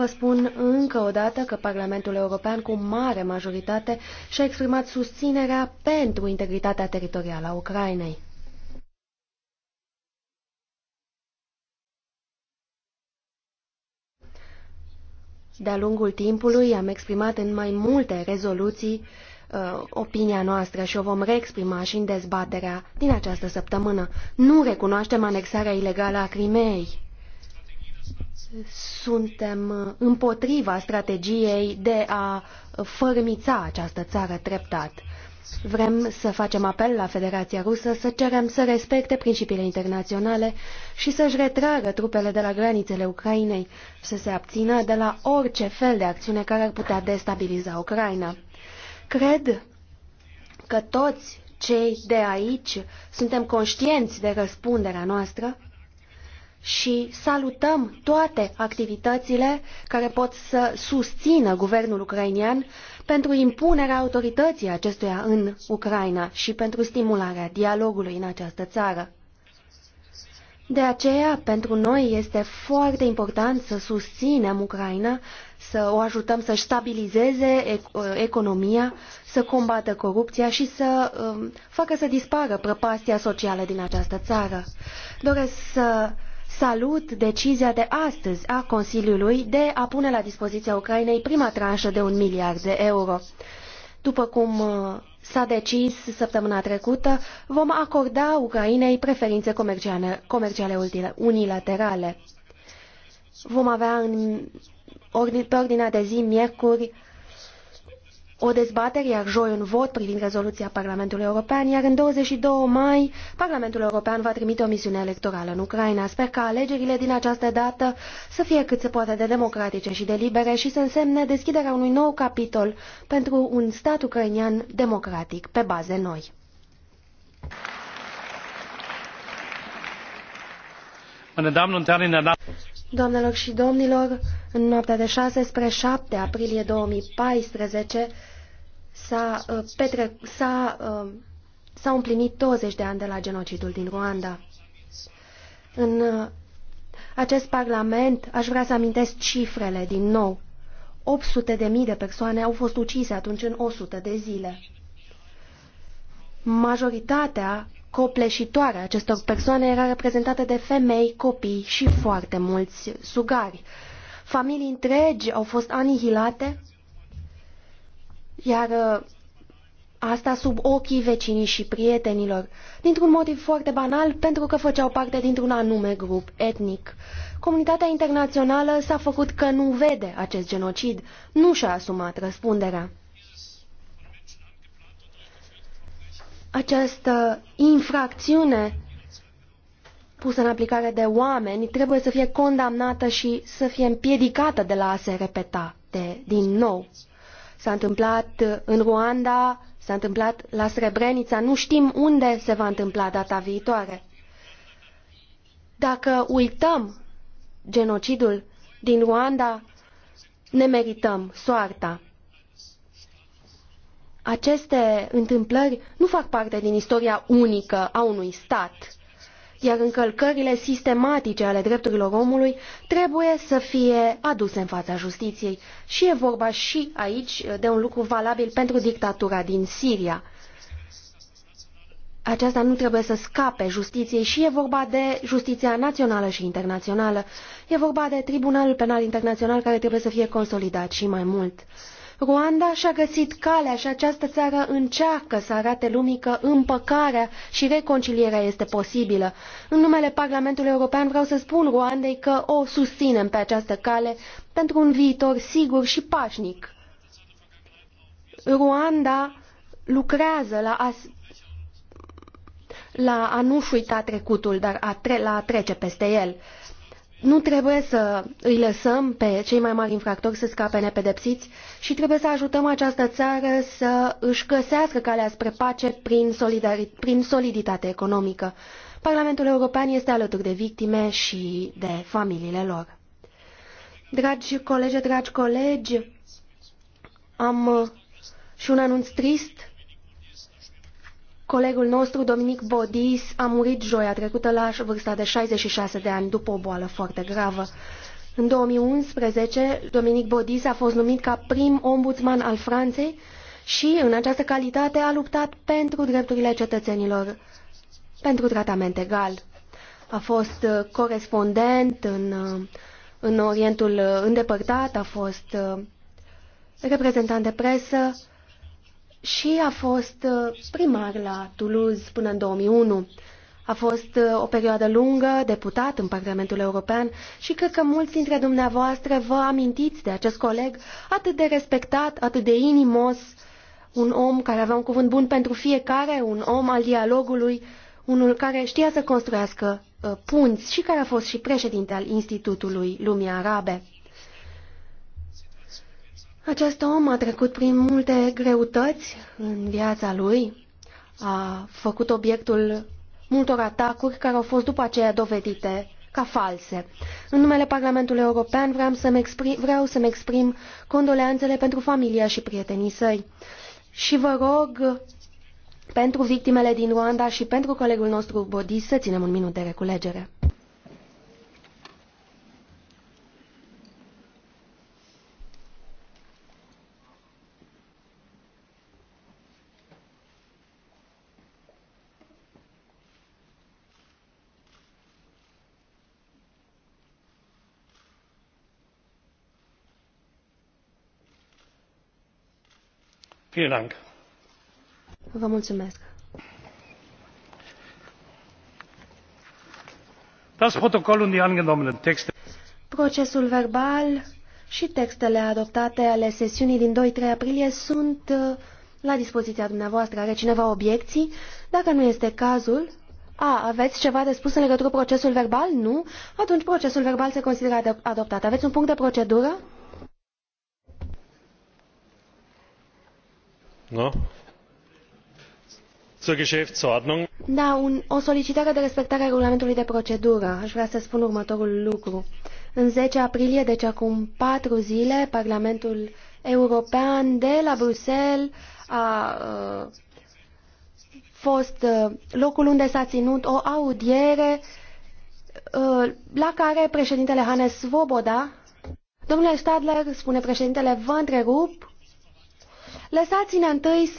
Vă spun încă o dată că Parlamentul European cu mare majoritate și-a exprimat susținerea pentru integritatea teritorială a Ucrainei. De-a lungul timpului am exprimat în mai multe rezoluții uh, opinia noastră și o vom reexprima și în dezbaterea din această săptămână. Nu recunoaștem anexarea ilegală a Crimeei suntem uh, împotriva strategiei de a fărmița această țară treptat. Vrem să facem apel la Federația Rusă să cerem să respecte principiile internaționale și să-și retragă trupele de la granițele Ucrainei să se abțină de la orice fel de acțiune care ar putea destabiliza Ucraina. Cred că toți cei de aici suntem conștienți de răspunderea noastră și salutăm toate activitățile care pot să susțină guvernul ucrainian pentru impunerea autorității acestuia în Ucraina și pentru stimularea dialogului în această țară. De aceea, pentru noi este foarte important să susținem Ucraina, să o ajutăm să stabilizeze ă, economia, să combată corupția și să um, facă să dispară prăpastia socială din această țară. Doresc să uh, Salut decizia de astăzi a Consiliului de a pune la dispoziția Ucrainei prima tranșă de un miliard de euro. După cum uh, s-a decis săptămâna trecută, vom acorda Ucrainei preferințe comerciale, comerciale unilaterale. Vom avea în, pe ordinea de zi miercuri o dezbatere, iar joi un vot privind rezoluția Parlamentului European, iar în 22 mai Parlamentul European va trimite o misiune electorală în Ucraina. Sper ca alegerile din această dată să fie cât se poate de democratice și de libere și să însemne deschiderea unui nou capitol pentru un stat ucrainian democratic pe baze noi. Doamnelor și domnilor, în noaptea de 6 spre 7 aprilie 2014, s-a, uh, petre- s uh, au împlinit 20 de ani de la genocidul din Rwanda. În uh, acest parlament aș vrea să amintesc cifrele din nou. 800 de mii de persoane au fost ucise atunci în 100 de zile. Majoritatea copleșitoare acestor persoane era reprezentată de femei, copii și foarte mulți sugari. Familii întregi au fost anihilate iar uh, asta sub ochii vecinii și prietenilor, dintr-un motiv foarte banal, pentru că făceau parte dintr-un anume grup etnic. Comunitatea internațională s-a făcut că nu vede acest genocid, nu și-a asumat răspunderea. Această infracțiune pusă în aplicare de oameni trebuie să fie condamnată și să fie împiedicată de la a se repeta de, din nou. S-a întâmplat în Ruanda, s-a întâmplat la Srebrenica, nu știm unde se va întâmpla data viitoare. Dacă uităm genocidul din Ruanda, ne merităm soarta. Aceste întâmplări nu fac parte din istoria unică a unui stat iar încălcările sistematice ale drepturilor omului trebuie să fie aduse în fața justiției. Și e vorba și aici de un lucru valabil pentru dictatura din Siria. Aceasta nu trebuie să scape justiției și e vorba de justiția națională și internațională. E vorba de Tribunalul Penal Internațional care trebuie să fie consolidat și mai mult. Rwanda și-a găsit calea și această țară încearcă să arate lumii că împăcarea și reconcilierea este posibilă. În numele Parlamentului European vreau să spun Rwandei că o susținem pe această cale pentru un viitor sigur și pașnic. Rwanda lucrează la a, la a nu uita trecutul, dar a tre la a trece peste el nu trebuie să îi lăsăm pe cei mai mari infractori să scape nepedepsiți și trebuie să ajutăm această țară să își găsească calea spre pace prin, prin soliditate economică. Parlamentul European este alături de victime și de familiile lor. Dragi colegi, dragi colegi, am și un anunț trist Colegul nostru, Dominic Bodis, a murit joia trecută la vârsta de 66 de ani după o boală foarte gravă. În 2011, Dominic Bodis a fost numit ca prim ombudsman al Franței și, în această calitate, a luptat pentru drepturile cetățenilor, pentru tratament egal. A fost uh, corespondent în, uh, în Orientul îndepărtat, a fost uh, reprezentant de presă, și a fost uh, primar la Toulouse până în 2001. A fost uh, o perioadă lungă deputat în Parlamentul European și cred că mulți dintre dumneavoastră vă amintiți de acest coleg atât de respectat, atât de inimos, un om care avea un cuvânt bun pentru fiecare, un om al dialogului, unul care știa să construiască uh, punți și care a fost și președinte al Institutului Lumii Arabe. Acest om a trecut prin multe greutăți în viața lui, a făcut obiectul multor atacuri care au fost după aceea dovedite ca false. În numele Parlamentului European vreau să-mi exprim, vreau să exprim condoleanțele pentru familia și prietenii săi. Și vă rog pentru victimele din Rwanda și pentru colegul nostru Bodis să ținem un minut de reculegere. Vă mulțumesc. Procesul verbal și textele adoptate ale sesiunii din 2-3 aprilie sunt uh, la dispoziția dumneavoastră. Are cineva obiecții? Dacă nu este cazul... A, aveți ceva de spus în legătură cu procesul verbal? Nu? Atunci procesul verbal se consideră adoptat. Aveți un punct de procedură? Da, o solicitare de respectare a regulamentului de procedură. Aș vrea să spun următorul lucru. În 10 aprilie, deci acum patru zile, Parlamentul European de la Bruxelles a uh, fost uh, locul unde s-a ținut o audiere uh, la care președintele Hannes Svoboda Domnule Stadler, spune președintele, vă întrerup Lăsați-ne întâi să